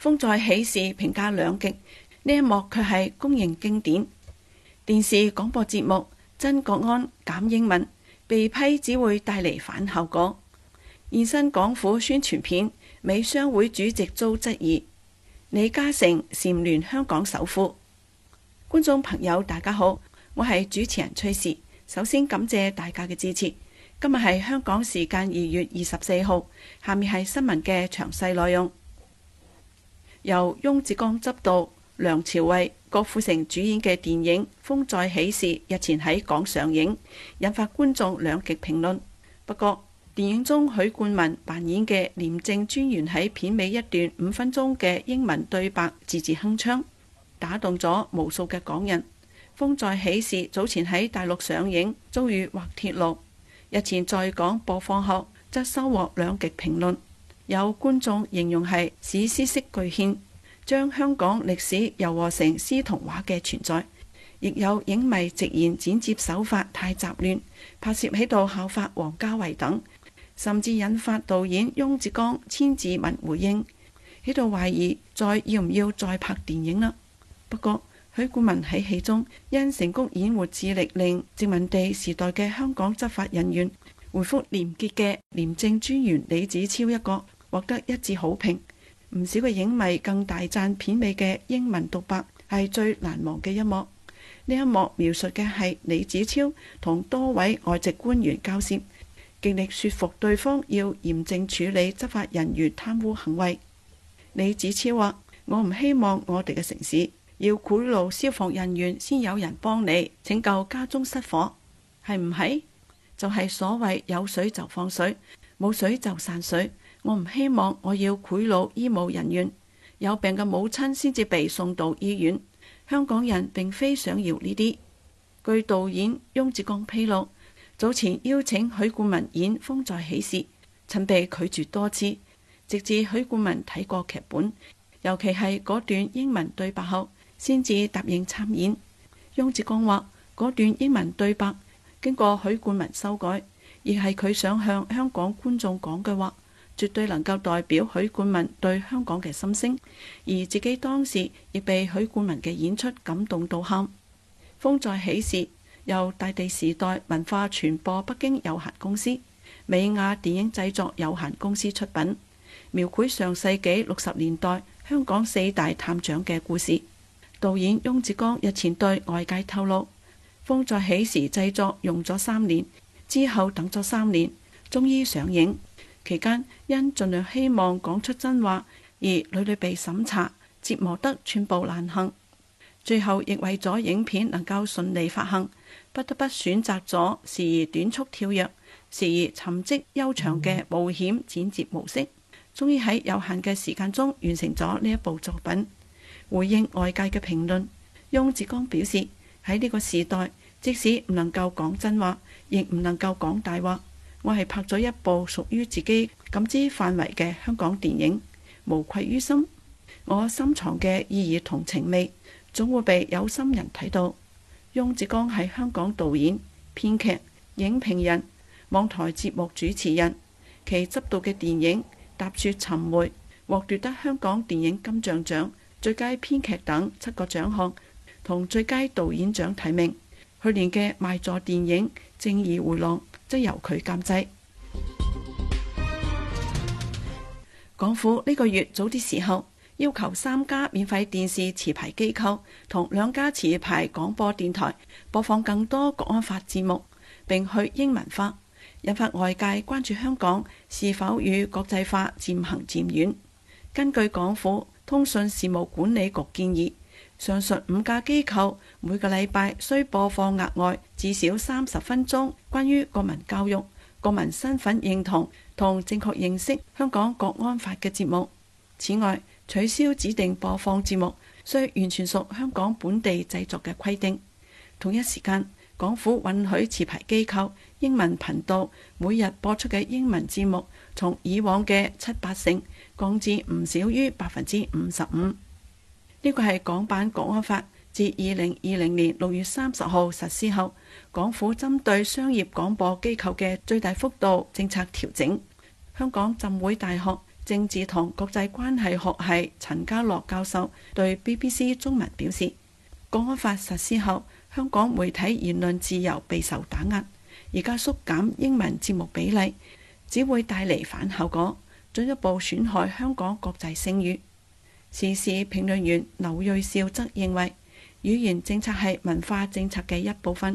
風再起時，評價兩極，呢一幕卻係公認經典。電視廣播節目增國安減英文被批，只會帶嚟反效果。現身港府宣傳片，美商會主席遭質疑。李嘉誠蟬聯香港首富。觀眾朋友，大家好，我係主持人崔氏。首先感謝大家嘅支持。今日係香港時間二月二十四號，下面係新聞嘅詳細內容。由翁子光執導、梁朝偉、郭富城主演嘅電影《風再起時》日前喺港上映，引發觀眾兩極評論。不過，電影中許冠文扮演嘅廉政專員喺片尾一段五分鐘嘅英文對白，字字鏗鏘，打動咗無數嘅港人。《風再起時》早前喺大陸上映，遭遇滑鐵盧，日前在港播放後，則收穫兩極評論。有觀眾形容係史詩式巨獻，將香港歷史糅和成詩童話嘅存在；亦有影迷直言剪接手法太雜亂，拍攝喺度效法王家衞等，甚至引發導演翁子光、千字文回應，喺度懷疑再要唔要再拍電影啦。不過許冠文喺戲中因成功演活致力令殖民地時代嘅香港執法人員，回覆廉潔嘅廉政專員李子超一角，獲得一致好評，唔少嘅影迷更大讚片尾嘅英文獨白係最難忘嘅一幕。呢一幕描述嘅係李子超同多位外籍官員交涉，極力說服對方要嚴正處理執法人員貪污行為。李子超話：我唔希望我哋嘅城市要賄賂消防人員先有人幫你拯救家中失火，係唔係？就係、是、所謂有水就放水，冇水就散水。我唔希望我要賄賂醫務人員，有病嘅母親先至被送到醫院。香港人並非想要呢啲。據導演雍志剛披露，早前邀請許冠文演《風再起時》，曾被拒絕多次，直至許冠文睇過劇本，尤其係嗰段英文對白後，先至答應參演。雍志剛話：嗰段英文對白經過許冠文修改，而係佢想向香港觀眾講嘅話。絕對能夠代表許冠文對香港嘅心聲，而自己當時亦被許冠文嘅演出感動到喊。《風再起時》由大地時代文化傳播北京有限公司、美亞電影製作有限公司出品，描繪上世紀六十年代香港四大探長嘅故事。導演翁子光日前對外界透露，《風再起時》製作用咗三年，之後等咗三年，終於上映。期間因盡量希望講出真話，而屢屢被審查折磨得寸步難行，最後亦為咗影片能夠順利發行，不得不選擇咗時而短促跳躍、時而沉積悠長嘅冒險剪接模式，終於喺有限嘅時間中完成咗呢一部作品。回應外界嘅評論，翁子光表示喺呢個時代，即使唔能夠講真話，亦唔能夠講大話。我係拍咗一部屬於自己感知範圍嘅香港電影，無愧於心。我深藏嘅意義同情味，總會被有心人睇到。翁子光係香港導演、編劇、影評人、網台節目主持人。其執導嘅電影《踏雪尋梅》獲奪得香港電影金像獎最佳編劇等七個獎項，同最佳導演獎提名。去年嘅賣座電影《正義回廊》。即由佢監製。港府呢個月早啲時候要求三家免費電視持牌機構同兩家持牌廣播電台播放更多國安法節目，並去英文化，引發外界關注香港是否與國際化漸行漸遠。根據港府通訊事務管理局建議，上述五家機構每個禮拜需播放額外至少三十分鐘關於國民教育、國民身份認同同正確認識香港國安法嘅節目。此外，取消指定播放節目，需完全屬香港本地製作嘅規定。同一時間，港府允許持牌機構英文頻道每日播出嘅英文節目，從以往嘅七八成降至唔少於百分之五十五。呢個係港版《國安法》自二零二零年六月三十號實施後，港府針對商業廣播機構嘅最大幅度政策調整。香港浸會大學政治同國際關係學係陳家樂教授對 BBC 中文表示：《國安法》實施後香港媒體言論自由備受打壓，而家縮減英文節目比例，只會帶嚟反效果，進一步損害香港國際聲譽。時事評論員劉瑞兆則認為，語言政策係文化政策嘅一部分，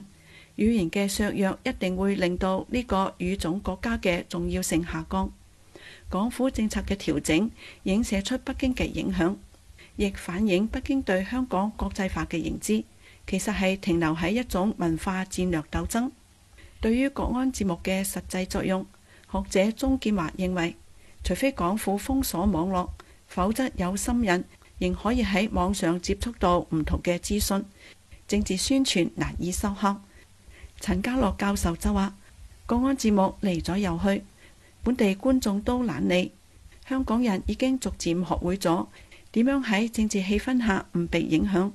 語言嘅削弱一定會令到呢個語種國家嘅重要性下降。港府政策嘅調整影射出北京嘅影響，亦反映北京對香港國際化嘅認知，其實係停留喺一種文化戰略鬥爭。對於國安節目嘅實際作用，學者鍾建華認為，除非港府封鎖網絡。否則有心人仍可以喺網上接觸到唔同嘅資訊，政治宣傳難以收黑。陳家洛教授就話，國安節目嚟咗又去，本地觀眾都懶理。香港人已經逐漸學會咗點樣喺政治氣氛下唔被影響，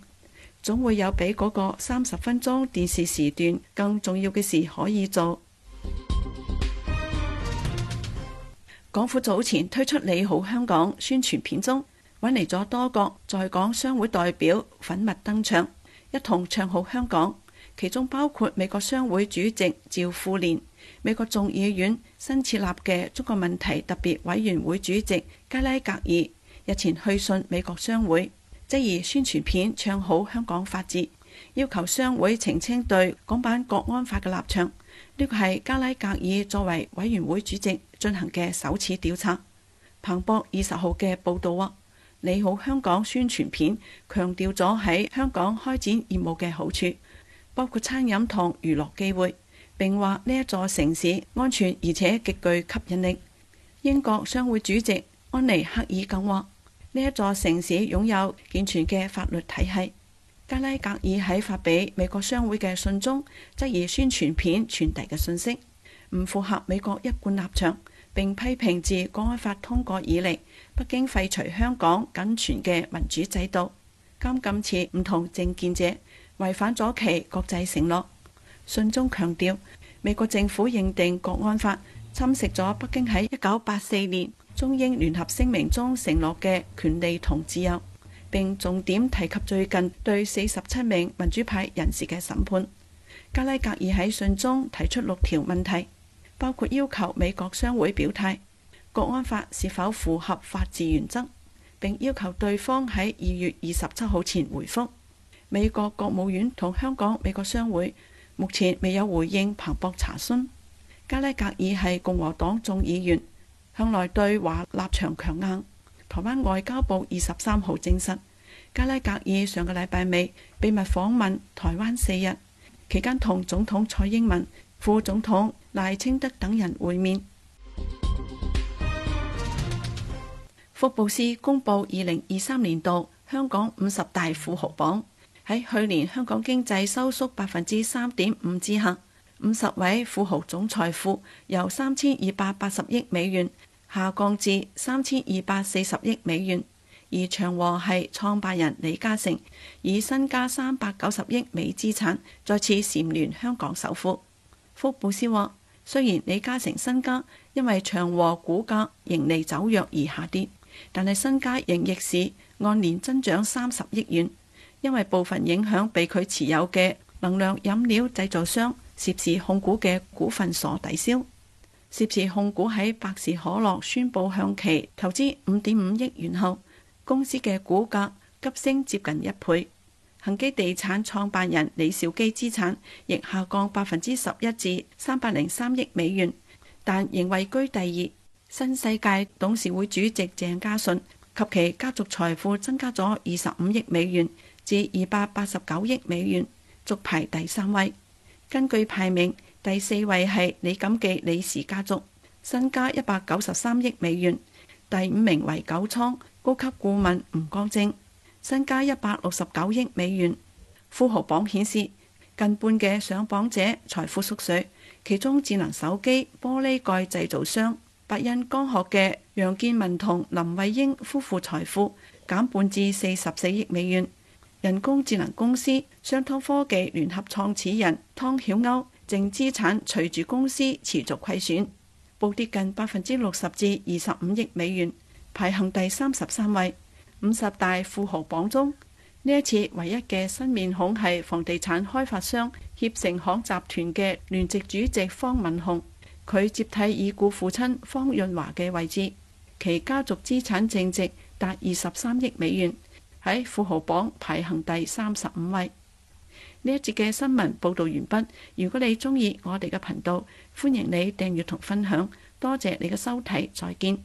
總會有比嗰個三十分鐘電視時段更重要嘅事可以做。港府早前推出你好香港宣傳片中，揾嚟咗多國在港商會代表粉墨登場，一同唱好香港，其中包括美國商會主席趙富連、美國眾議院新設立嘅中國問題特別委員會主席加拉格爾。日前去信美國商會，質疑宣傳片唱好香港法治，要求商會澄清對港版國安法嘅立場。呢個係加拉格爾作為委員會主席進行嘅首次調查。彭博二十號嘅報道話，你好香港宣傳片強調咗喺香港開展業務嘅好處，包括餐飲、同娛樂機會，並話呢一座城市安全而且極具吸引力。英國商會主席安妮克爾更話，呢一座城市擁有健全嘅法律體系。加拉格爾喺發俾美國商會嘅信中質疑宣傳片傳遞嘅信息唔符合美國一貫立場，並批評自國安法通過以嚟，北京廢除香港僅存嘅民主制度。監禁持唔同政見者違反咗其國際承諾。信中強調，美國政府認定國安法侵蝕咗北京喺一九八四年中英聯合聲明中承諾嘅權利同自由。並重點提及最近對四十七名民主派人士嘅審判。加拉格爾喺信中提出六條問題，包括要求美國商會表態，國安法是否符合法治原則，並要求對方喺二月二十七號前回覆。美國國務院同香港美國商會目前未有回應彭博查詢。加拉格爾係共和黨眾議員，向來對華立場強硬。台灣外交部二十三號證實，加拉格爾上個禮拜尾秘密訪問台灣四日，期間同總統蔡英文、副總統賴清德等人會面。福布斯公布二零二三年度香港五十大富豪榜，喺去年香港經濟收縮百分之三點五之下，五十位富豪總財富由三千二百八十億美元，下降至三千二百四十億美元，而長和系創辦人李嘉誠以身家三百九十億美資產再次蟬聯香港首富。福布斯話：雖然李嘉誠身家因為長和股價盈利走弱而下跌，但係身家仍逆市按年增長三十億元，因為部分影響被佢持有嘅能量飲料製造商涉事控股嘅股份所抵消。涉事控股喺百事可樂宣布向其投資五點五億元後，公司嘅股價急升接近一倍。恒基地產創辦人李兆基資產亦下降百分之十一至三百零三億美元，但仍位居第二。新世界董事會主席鄭家純及其家族財富增加咗二十五億美元至二百八十九億美元，續排第三位。根據排名。第四位係李錦記李氏家族，身家一百九十三億美元。第五名為九倉高級顧問吳光正，身家一百六十九億美元。富豪榜顯示，近半嘅上榜者財富縮水，其中智能手機玻璃蓋製造商伯恩光學嘅楊建文同林慧英夫婦財富減半至四十四億美元。人工智能公司商湯科技聯合創始人湯曉鷗。淨資產隨住公司持續虧損，暴跌近百分之六十至二十五億美元，排行第三十三位。五十大富豪榜中，呢一次唯一嘅新面孔係房地產開發商協成行集團嘅聯席主席方文雄，佢接替已故父親方潤華嘅位置，其家族資產淨值達二十三億美元，喺富豪榜排行第三十五位。呢一節嘅新聞報道完畢。如果你鍾意我哋嘅頻道，歡迎你訂閱同分享。多謝你嘅收睇，再見。